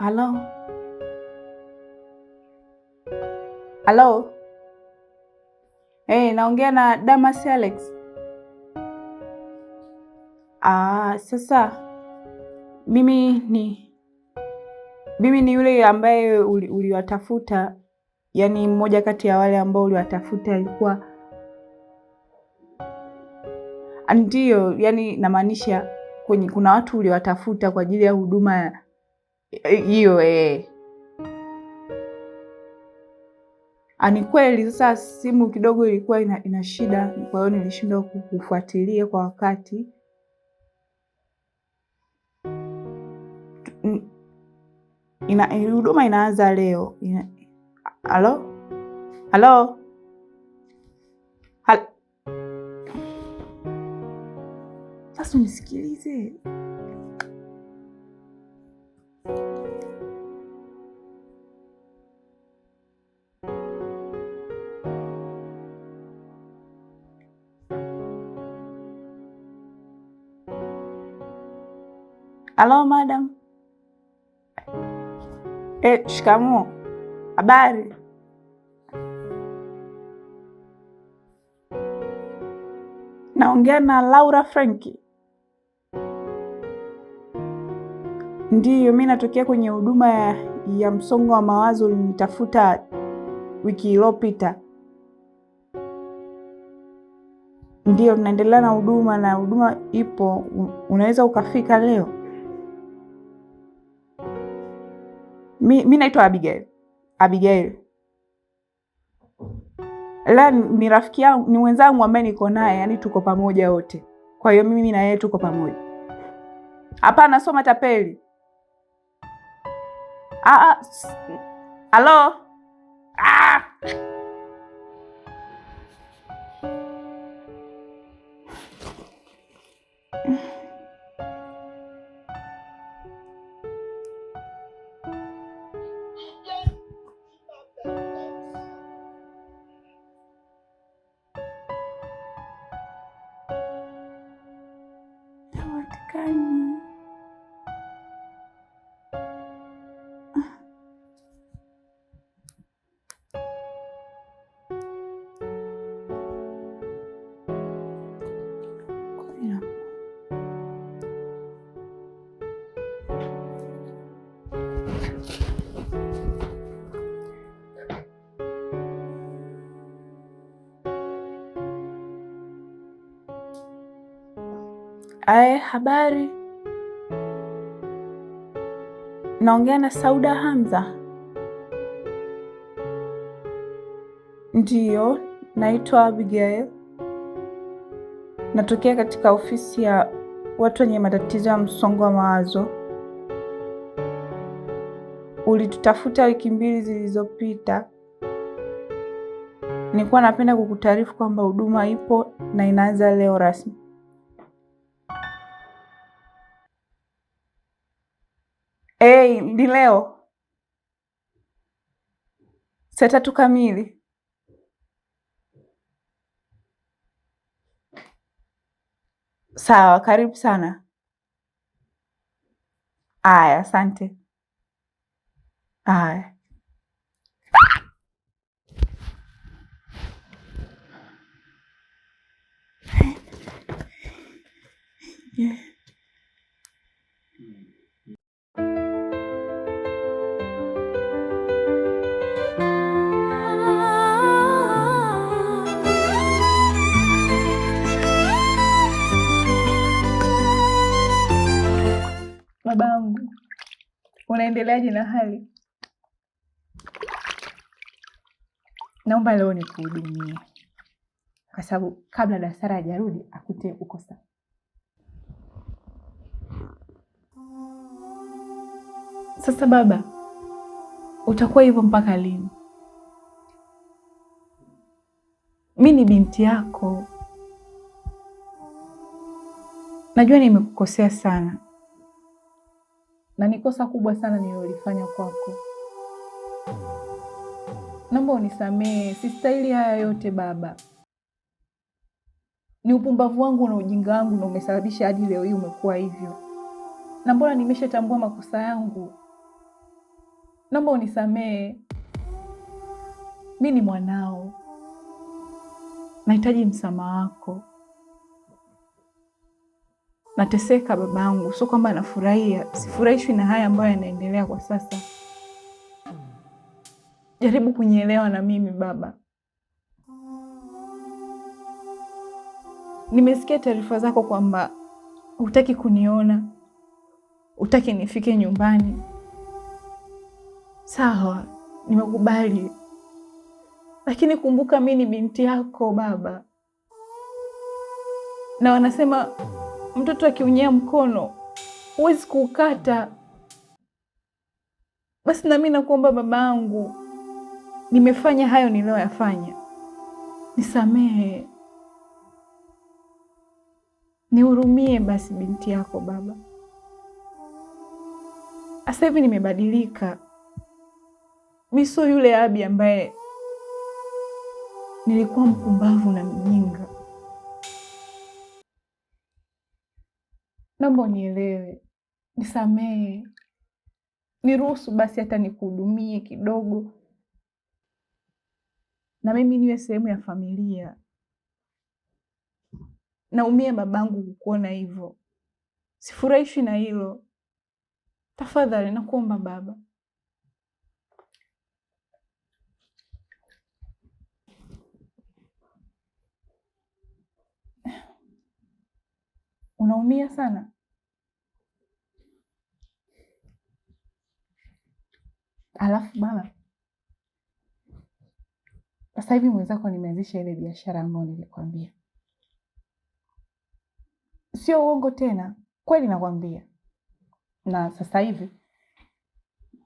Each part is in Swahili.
allô? halo. Hey, naongea na Damas Alex. Ah, sasa mimi ni mimi ni yule ambaye uliwatafuta uli, yaani mmoja kati ya wale ambao uliwatafuta alikuwa ndiyo, yani namaanisha kwenye kuna watu uliwatafuta kwa ajili ya huduma hiyo e, eh. Ah, Ani kweli sasa simu kidogo ilikuwa ina, ina shida, kwa hiyo nilishindwa kufuatilia kwa wakati. Ina eh, huduma inaanza leo. Halo, halo, sasa unisikilize. Halo madam. E, shikamoo. Habari? Naongea na Laura Frenki? Ndiyo, mi natokea kwenye huduma ya, ya msongo wa mawazo. Ulinitafuta wiki iliyopita. Ndiyo, tunaendelea na huduma na huduma ipo, unaweza ukafika leo. mi, mi naitwa Abigail. Abigail la ni rafiki yangu, ni mwenzangu ambaye niko naye, yani tuko pamoja wote. Kwa hiyo mimi na yeye tuko pamoja. Hapana, soma tapeli. Alo. Ah. ah, ah! Ae, habari. Naongea na Sauda Hamza? Ndiyo, naitwa Abigail, natokea katika ofisi ya watu wenye matatizo ya msongo wa mawazo. Ulitutafuta wiki mbili zilizopita. Nilikuwa napenda kukutaarifu kwamba huduma ipo na inaanza leo rasmi. Hey, ni leo saa tatu kamili. Sawa, karibu sana. Aya, asante. Aya. Yeah. unaendeleaje na hali? Naomba leo nikuhudumie, kwa sababu kabla Dasara hajarudi akute uko sawa. Sasa baba, utakuwa hivyo mpaka lini? Mi ni binti yako, najua nimekukosea sana na ni kosa kubwa sana nililolifanya kwako. Naomba unisamehe, sistahili haya yote baba. Ni upumbavu wangu na ujinga wangu na umesababisha hadi leo hii umekuwa hivyo, na mbona nimeshatambua makosa yangu. Naomba unisamehe, mi ni mwanao, nahitaji msamaha wako nateseka babangu, sio kwamba nafurahia. Sifurahishwi na haya ambayo yanaendelea kwa sasa. Jaribu kunielewa na mimi baba. Nimesikia taarifa zako kwamba hutaki kuniona, hutaki nifike nyumbani. Sawa, nimekubali, lakini kumbuka mi ni binti yako baba, na wanasema Mtoto akiunyea mkono huwezi kuukata. Basi nami nakuomba baba yangu, nimefanya hayo niliyoyafanya, nisamehe, nihurumie basi binti yako baba. Sasa hivi nimebadilika, mi sio yule Abi ambaye nilikuwa mpumbavu na mjinga. naomba unielewe, nisamehe, niruhusu basi hata nikuhudumie kidogo, na mimi niwe sehemu ya familia. Naumia babangu kukuona hivyo, sifurahishwi na hilo. Tafadhali nakuomba baba. unaumia sana. Alafu baba, sasa hivi mwenzako nimeanzisha ile biashara ambayo nilikwambia, sio uongo tena, kweli nakwambia. Na sasa hivi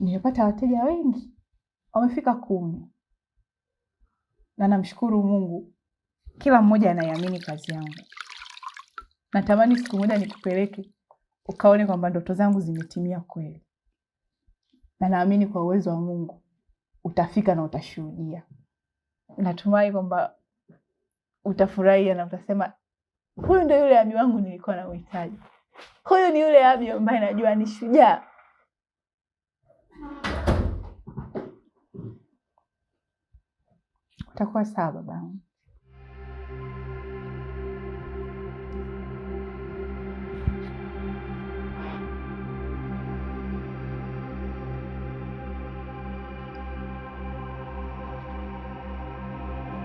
nimepata wateja wengi, wamefika kumi, na namshukuru Mungu, kila mmoja anayeamini kazi yangu. Natamani siku moja nikupeleke ukaone kwamba ndoto zangu zimetimia kweli, na naamini kwa uwezo wa Mungu utafika na utashuhudia. Natumai kwamba utafurahia na utasema, huyu ndio yule ami wangu nilikuwa na uhitaji Huyu ni yule ami ambaye najua ni shujaa. Utakuwa sawa babangu.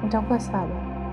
utakuwa sawa.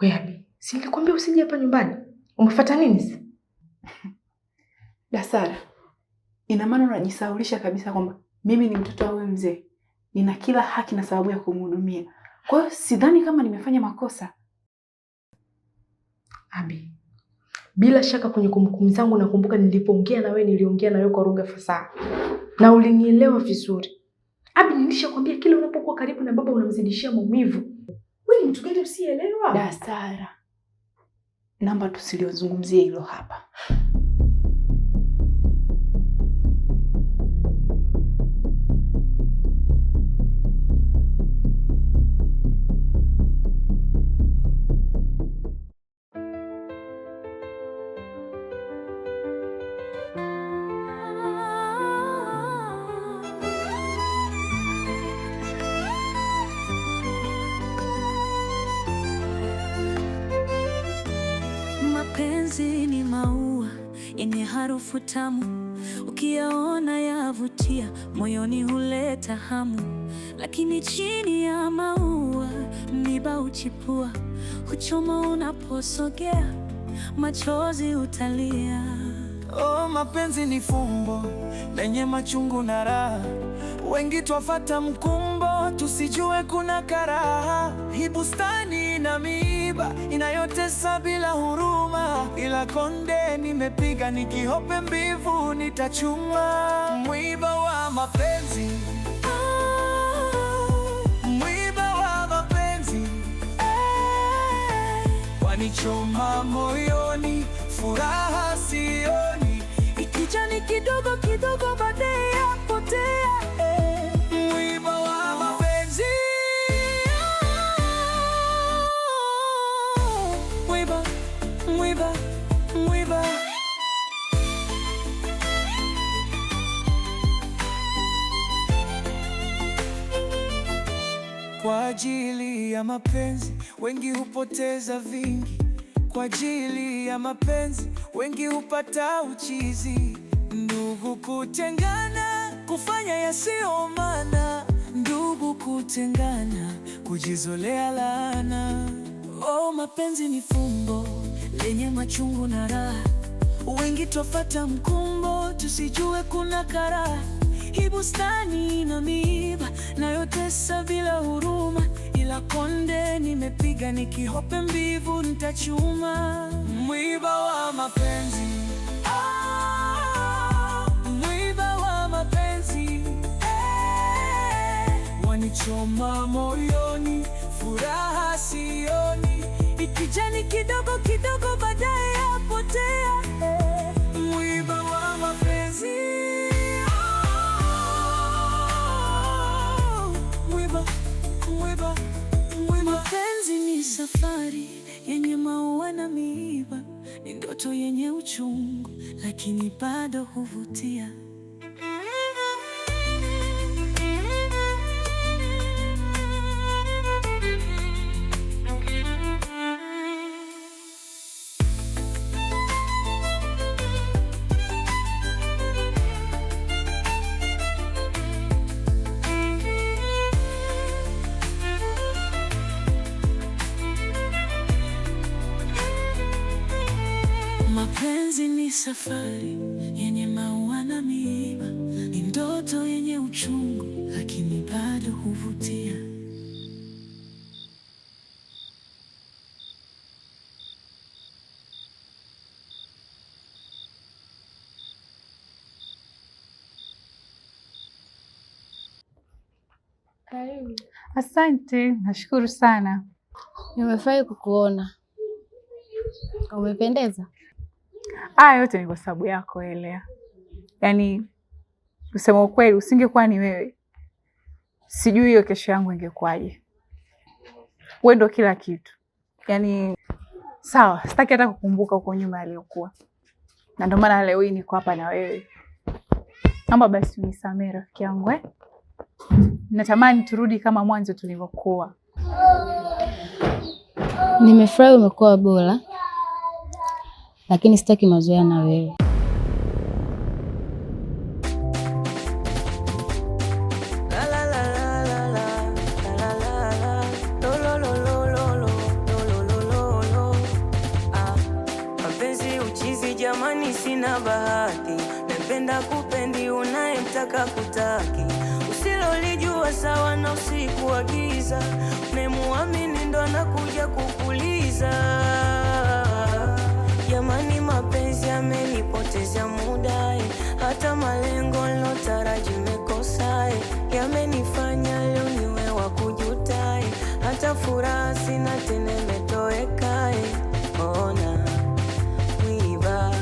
Wewe Abi, si nilikwambia usije hapa nyumbani? Umefuata nini sasa? Dasara, ina maana unajisaulisha kabisa kwamba mimi ni mtoto wa wewe mzee, nina kila haki na sababu ya kumhudumia. Kwa hiyo sidhani kama nimefanya makosa. Abi, bila shaka kwenye kumbukumbu zangu nakumbuka nilipoongea na wewe, niliongea na wewe kwa lugha fasaha na ulinielewa vizuri. Abi, nilishakwambia kila unapokuwa karibu na baba unamzidishia maumivu mtukete msielewa dasara namba tusiliozungumzia hilo hapa harufu tamu, ukiyaona yavutia, moyoni huleta hamu. Lakini chini ya maua miba uchipua huchoma unaposogea, machozi utalia. Oh, mapenzi ni fumbo lenye machungu na raha Wengi twafata mkumbo, tusijue kuna karaha. Hii bustani na miiba inayotesa bila huruma, ila konde nimepiga nikihope mbivu nitachuma. Mwiba wa mapenzi ah, mwiba wa mapenzi eh, wanichoma moyoni, furaha sioni, ikijani kidogo kidogo baadaye ya mapenzi wengi hupoteza vingi, kwa ajili ya mapenzi wengi hupata uchizi. Ndugu kutengana, kufanya yasiyo maana, ndugu kutengana, kujizolea laana. Oh, mapenzi ni fumbo lenye machungu na raha, wengi twafata mkumbo, tusijue kuna karaha. Hii bustani ina miiba nayotesa bila huruma kila konde nimepiga, nikihope mbivu nitachuma. Mwiba wa mapenzi ah, mwiba wa mapenzi eh, wanichoma moyoni, furaha sioni, ikijani kidogo kidogo, baadaye yapotea. safari yenye maua na miiba, ni ndoto yenye uchungu, lakini bado huvutia. safari yenye maua na miiba, ni ndoto yenye uchungu, lakini bado huvutia. Asante, nashukuru sana. Nimefurahi kukuona, umependeza. Haya yote ni kwa sababu yako Elea. Yaani kusema ukweli, usingekuwa ni wewe, sijui hiyo kesho yangu ingekuwaje. Wewe ndo kila kitu, yaani sawa, sitaki hata kukumbuka huko nyuma aliyokuwa, na ndio maana leo hii niko hapa na wewe. Naomba basi unisamehe rafiki yangu eh? Natamani turudi kama mwanzo tulivyokuwa. Nimefurahi umekuwa bora lakini sitaki mazoea na wewe. mapenzi uchizi jamani Sina bahati, napenda kupendi, unayemtaka kutaki, usilolijua sawa na usiku wa giza, unayemuamini ndo anakuja kukuliza mapenzi yamenipotezea muda eh, hata malengo nilotaraji nimekosa eh, yamenifanya leo niwe wa kujuta eh, hata furaha sina tena imetoweka eh, ona mwiba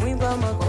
mwiba